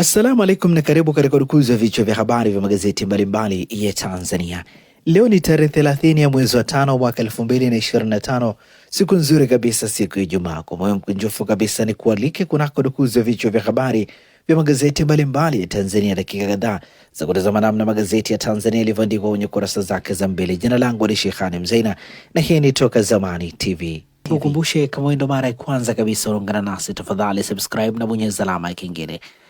Assalamu alaikum na karibu katika udukuzi wa vichwa vya habari vya magazeti mbalimbali ya Tanzania. Leo ni tarehe 30 ya mwezi wa tano mwaka 2025, siku nzuri kabisa, siku ya Ijumaa. Kwa moyo mkunjufu kabisa ni kualike kunako dukuzi wa vichwa vya habari vya magazeti mbalimbali ya Tanzania, dakika kadhaa za kutazama namna magazeti ya Tanzania yalivyoandikwa kwenye kurasa zake za mbele. Jina langu ni Sheikhani Mzaina na hii ni Toka Zamani TV. Ukumbushe kama wewe ndo mara ya kwanza kabisa unaungana nasi, tafadhali subscribe na bonyeza alama ya kengele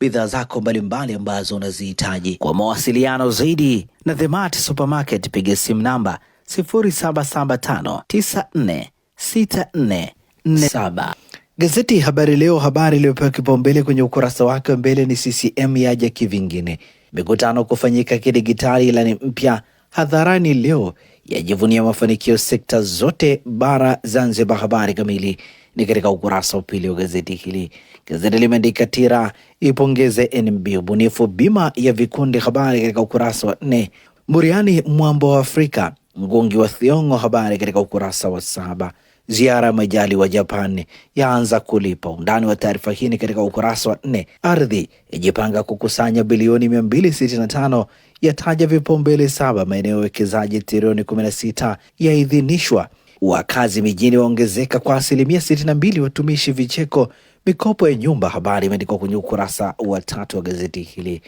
bidhaa zako mbalimbali ambazo unazihitaji. Kwa mawasiliano zaidi na The Mart Supermarket, piga simu namba 0775946447. Gazeti Habari Leo, habari iliyopewa kipaumbele kwenye ukurasa wake wa mbele ni CCM yaja kivingine, mikutano kufanyika kidigitali, ilani mpya hadharani leo, yajivunia mafanikio sekta zote bara Zanzibar. Habari kamili ni katika ukurasa wa pili wa gazeti hili. Gazeti limeandika TIRA ipongeze NMB ubunifu bima ya vikundi, habari katika ukurasa wa nne. Buriani mwamba wa Afrika, Ngungi wa Thiong'o, habari katika ukurasa wa saba. Ziara ya Majali wa Japan yaanza kulipa. Undani wa taarifa hii ni katika ukurasa wa nne. Ardhi ijipanga kukusanya bilioni 265 yataja vipaumbele saba. Maeneo ya wekezaji trilioni 16 yaidhinishwa Wakazi mijini waongezeka kwa asilimia 62, watumishi vicheko, mikopo ya nyumba. Habari imeandikwa kwenye ukurasa wa tatu wa gazeti hili.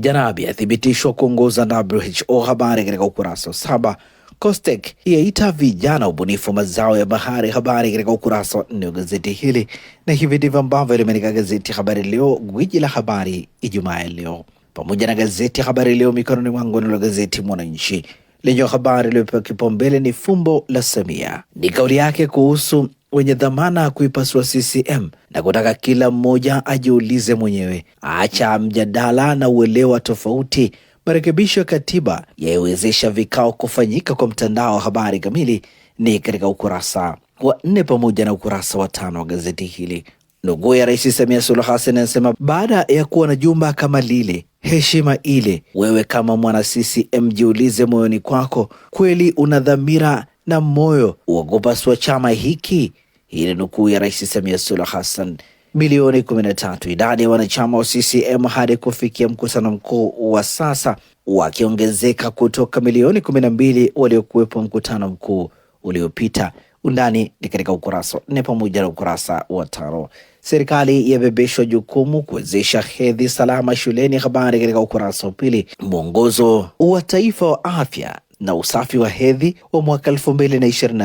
Janabi athibitishwa kuongoza WHO, habari katika ukurasa wa saba. Costec yaita vijana ubunifu mazao ya bahari, habari katika ukurasa wa nne wa gazeti hili. Na hivi ndivyo ambavyo limeandika gazeti Habari Leo, gwiji la habari Ijumaa ya leo, pamoja na gazeti Habari Leo mikononi mwangu, nalo gazeti Mwananchi lenye habari iliyopewa kipaumbele ni fumbo la Samia. Ni kauli yake kuhusu wenye dhamana kuipasua CCM na kutaka kila mmoja ajiulize mwenyewe, acha mjadala na uelewa tofauti. Marekebisho ya katiba yaiwezesha vikao kufanyika kwa mtandao wa habari kamili ni katika ukurasa wa nne pamoja na ukurasa wa tano wa gazeti hili. nuguu ya Rais Samia Suluhu Hassan anasema baada ya kuwa na jumba kama lile heshima ile. Wewe kama mwana CCM jiulize moyoni kwako, kweli una dhamira na moyo uogopa kupasua chama hiki? Ile nukuu ya Rais Samia Suluhu Hassan. Milioni 13 idadi ya wanachama wa CCM hadi kufikia mkutano mkuu wa sasa, wakiongezeka kutoka milioni 12 waliokuwepo mkutano mkuu uliopita. Undani ni katika ukurasa wa nne pamoja na ukurasa wa tano. Serikali yabebeshwa jukumu kuwezesha hedhi salama shuleni, habari katika ukurasa wa pili. Mwongozo wa taifa wa afya na usafi wa hedhi wa mwaka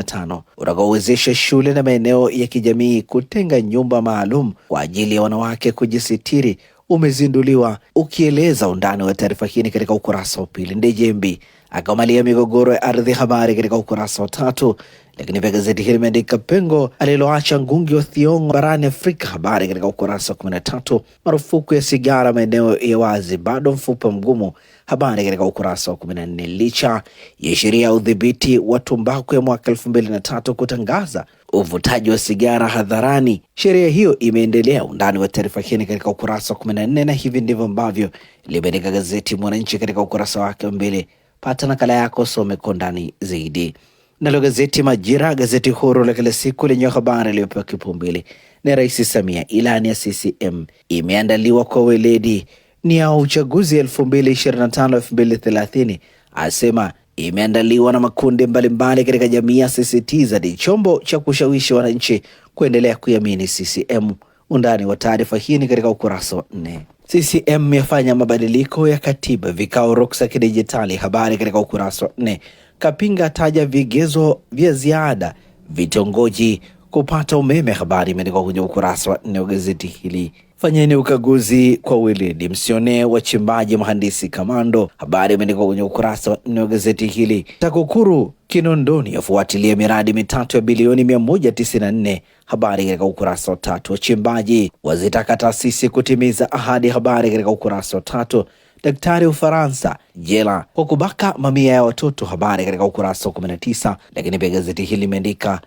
tano utakaowezesha shule na maeneo ya kijamii kutenga nyumba maalum kwa ajili ya wanawake kujisitiri umezinduliwa ukieleza undani wa taarifa hii katika ukurasa wa pili. Ndejembi akamalia migogoro ya ardhi, habari katika ukurasa wa tatu. Lakini pia gazeti hili limeandika pengo aliloacha Ngugi wa Thiong'o barani Afrika, habari katika ukurasa wa kumi na tatu. Marufuku ya sigara maeneo ya wazi bado mfupa mgumu, habari katika ukurasa wa kumi na nne. Licha ya sheria ya udhibiti wa tumbaku ya mwaka elfu mbili na tatu kutangaza uvutaji wa sigara hadharani, sheria hiyo imeendelea. Undani wa taarifa hii katika ukurasa wa kumi na nne, na hivi ndivyo ambavyo limeandika gazeti Mwananchi katika ukurasa wake wa mbele. Pata nakala yako, some kwa undani zaidi. Nalo gazeti Majira, gazeti huru la kila siku lenye habari iliyopewa kipaumbele na Rais Samia, ilani ya CCM imeandaliwa kwa weledi, ni ya uchaguzi 2025 2030, asema imeandaliwa na makundi mbalimbali katika jamii, ya asisitiza ni chombo cha kushawishi wananchi kuendelea kuiamini CCM. Undani wa taarifa hii ni katika ukurasa wa nne. CCM yafanya mabadiliko ya katiba, vikao ruksa kidijitali, habari katika ukurasa wa nne. Kapinga ataja vigezo vya ziada vitongoji kupata umeme. Habari imeandikwa kwenye ukurasa wa nne wa gazeti hili. Fanyeni ukaguzi kwa weledi, msionee wachimbaji mhandisi Kamando. Habari imeandikwa kwenye ukurasa wa nne wa gazeti hili. TAKUKURU Kinondoni yafuatilia miradi mitatu ya bilioni 194. Habari katika ukurasa wa tatu. Wachimbaji wazitaka taasisi kutimiza ahadi. Habari katika ukurasa wa tatu daktari wa Ufaransa jela kwa kubaka mamia ya watoto, habari katika ukurasa wa 19. Lakini pia gazeti hili limeandika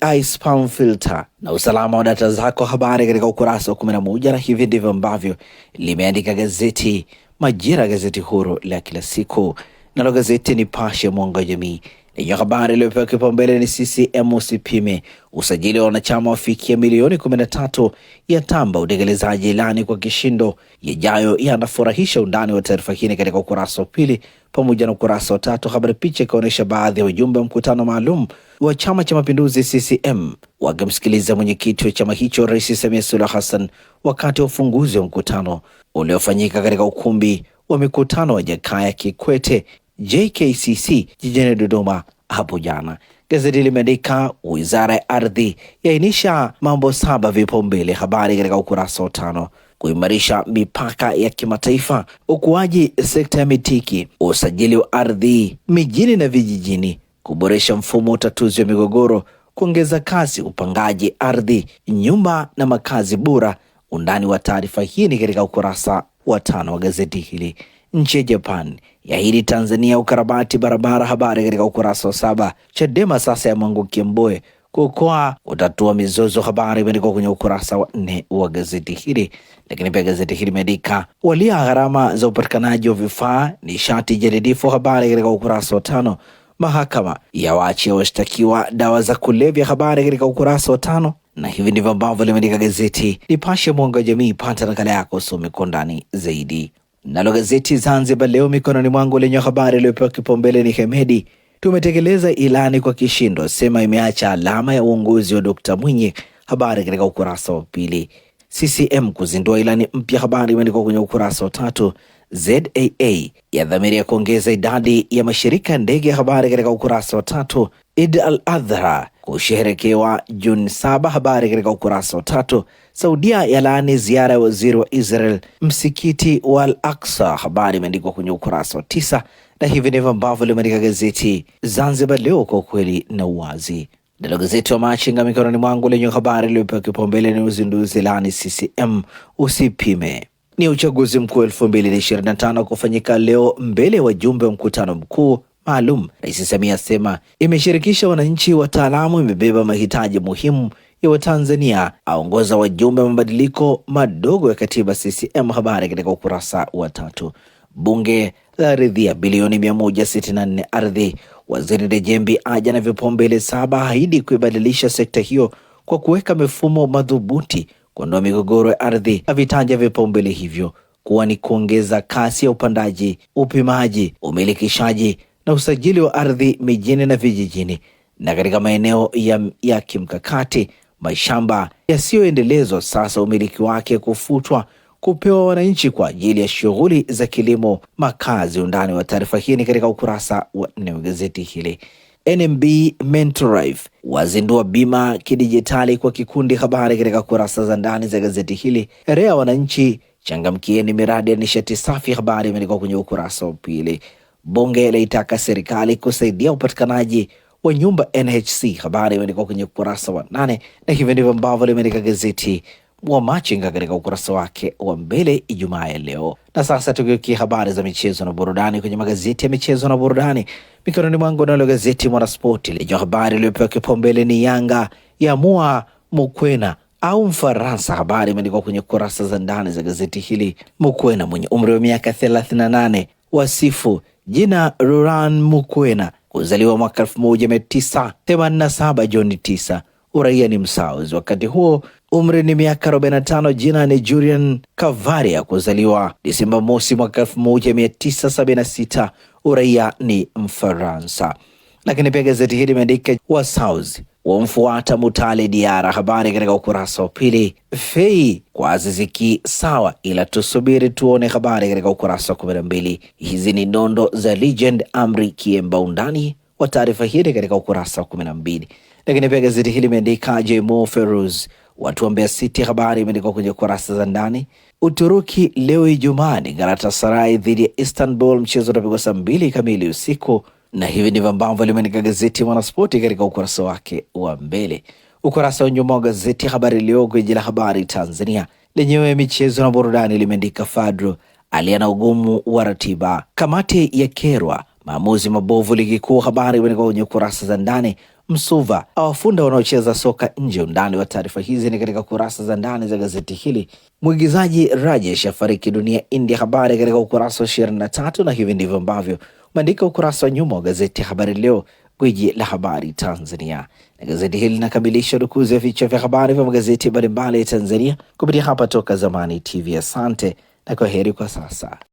AI spam filter na usalama wa data zako, habari katika ukurasa wa moja. na hivi ndivyo ambavyo limeandika gazeti Majira, gazeti huru la kila siku. Nalo gazeti Nipashe, mwanga wa jamii yenye habari iliyopewa kipaumbele ni CCM usipime, usajili wa wanachama wafikia milioni 13, ya tamba utekelezaji ilani kwa kishindo, yajayo yanafurahisha. Undani wa taarifa hii katika ukurasa wa pili pamoja na ukurasa wa tatu. Habari picha ikaonyesha baadhi ya wajumbe wa mkutano maalum wa Chama cha Mapinduzi CCM wakimsikiliza mwenyekiti wa chama hicho Rais Samia Suluhu Hassan wakati wa ufunguzi wa mkutano uliofanyika katika ukumbi wa mikutano wa Jakaya Kikwete JKCC jijini Dodoma hapo jana. Gazeti limeandika wizara ya ardhi yaainisha mambo saba vipaumbele, habari katika ukurasa wa tano kuimarisha mipaka ya kimataifa, ukuaji sekta ya mitiki, usajili wa ardhi mijini na vijijini, kuboresha mfumo wa utatuzi wa migogoro, kuongeza kasi upangaji ardhi, nyumba na makazi bora. Undani wa taarifa hii ni katika ukurasa wa tano wa gazeti hili nchi ya Japan yaahidi Tanzania ukarabati barabara. Habari katika ukurasa wa saba. Chadema sasa yamwangukia Mbowe kuokoa utatua mizozo. Habari imeandikwa kwenye ukurasa wa nne wa gazeti hili. Lakini pia gazeti hili imeandika walia gharama za upatikanaji wa vifaa nishati jadidifu. Habari katika ukurasa wa tano. Mahakama yawaachia washtakiwa dawa za kulevya. Habari katika ukurasa wa tano na hivi ndivyo ambavyo limeandika gazeti Nipashe, mwanga wa jamii. Pata nakala yako, usome kwa ndani zaidi. Nalo gazeti Zanzibar Leo mikononi mwangu lenye habari iliyopewa kipaumbele ni Hemedi, tumetekeleza ilani kwa kishindo, sema imeacha alama ya uongozi wa Dkt Mwinyi. Habari katika ukurasa wa pili. CCM kuzindua ilani mpya, habari imeandikwa kwenye ukurasa wa tatu. ZAA ya dhamiri ya kuongeza idadi ya mashirika ya ndege, habari katika ukurasa wa tatu. Id al adhra kusherekewa Juni saba. Habari katika ukurasa wa tatu. Saudia yalaani ziara ya waziri wa Israel msikiti wa Al Aksa, habari imeandikwa kwenye ukurasa wa tisa, na hivi ndivyo ambavyo limeandika gazeti Zanzibar Leo, kwa ukweli na uwazi. Ndilo gazeti wa Machinga mikononi mwangu lenye habari iliyopewa kipaumbele ni uzinduzi laani CCM usipime ni uchaguzi mkuu elfu mbili na ishirini na tano kufanyika leo mbele ya wajumbe wa mkutano mkuu maalum, Rais Samia asema imeshirikisha wananchi, wataalamu, imebeba mahitaji muhimu ya Watanzania, aongoza wajumbe wa mabadiliko madogo ya katiba CCM. Habari katika ukurasa wa tatu. Bunge la ridhia bilioni 164 ardhi. Waziri Rejembi aja na vipaumbele saba, ahidi kuibadilisha sekta hiyo kwa kuweka mifumo madhubuti kuondoa migogoro ya ardhi. Avitaja vipaumbele hivyo kuwa ni kuongeza kasi ya upandaji, upimaji, umilikishaji na usajili wa ardhi mijini na vijijini na katika maeneo ya, ya kimkakati. Mashamba yasiyoendelezwa sasa umiliki wake kufutwa kupewa wananchi kwa ajili ya shughuli za kilimo, makazi. Undani wa taarifa hii ni katika ukurasa wa nne wa gazeti hili. NMB Mentorive wazindua bima kidijitali kwa kikundi, habari katika kurasa za ndani za gazeti hili. REA wananchi changamkieni miradi ya nishati safi, habari imeandikwa kwenye ukurasa wa pili. Bunge laitaka serikali kusaidia upatikanaji wa nyumba NHC. Habari imeandikwa kwenye ukurasa wa nane na hivyo ndivyo ambavyo limeandika gazeti wa Machinga katika ukurasa wake wa mbele Ijumaa ya leo. Na sasa tukiukia habari za michezo na burudani kwenye magazeti ya michezo na burudani mikononi mwangu, nalo gazeti Mwanaspoti lenye habari iliyopewa kipaumbele ni Yanga yaamua Mukwena au Mfaransa. Habari imeandikwa kwenye kurasa za ndani za gazeti hili. Mukwena mwenye umri wa miaka 38 wasifu jina Roran Mukwena, kuzaliwa mwaka 1987 Juni 9, uraia ni Msaus, wakati huo umri ni miaka 45. Jina ni Julian Kavaria, kuzaliwa Disemba mosi mwaka 1976, uraia ni Mfaransa. Lakini pia gazeti hili limeandika Wasaus wamfuata Mutale Diara. Habari katika ukurasa wa pili. Fei kwa Aziziki sawa, ila tusubiri tuone. Habari katika ukurasa wa kumi na mbili. Hizi ni nondo za legend Amri Kiemba. Undani wa taarifa hii katika ukurasa wa kumi na mbili. Lakini pia gazeti hili limeandika Jmo Feruz watu wa Mbeya City. Habari imeandikwa kwenye kurasa za ndani. Uturuki leo Ijumaa ni Galatasaray dhidi ya Istanbul, mchezo utapigwa saa mbili kamili usiku na hivi ndivyo ambavyo limeandika gazeti Mwanaspoti katika ukurasa wake wa mbele. Ukurasa wa nyuma wa gazeti Habari Leo, gwiji la habari Tanzania, lenyewe michezo na burudani, limeandika Fadru aliye na ugumu wa ratiba, kamati ya kerwa maamuzi mabovu ligi kuu. Habari imeandikwa kwenye kurasa za ndani. Msuva awafunda wanaocheza soka nje. Undani wa taarifa hizi ni katika kurasa za ndani za gazeti hili. Mwigizaji Rajesh afariki dunia India, habari katika ukurasa wa ishirini na tatu, na hivi ndivyo ambavyo umeandika ukurasa wa nyuma wa gazeti ya Habari Leo, gwiji la habari Tanzania, na gazeti hili linakamilisha rukuzi ya vichwa vya habari vya magazeti mbalimbali ya Tanzania kupitia hapa Toka Zamani TV. Asante na kwa heri kwa sasa.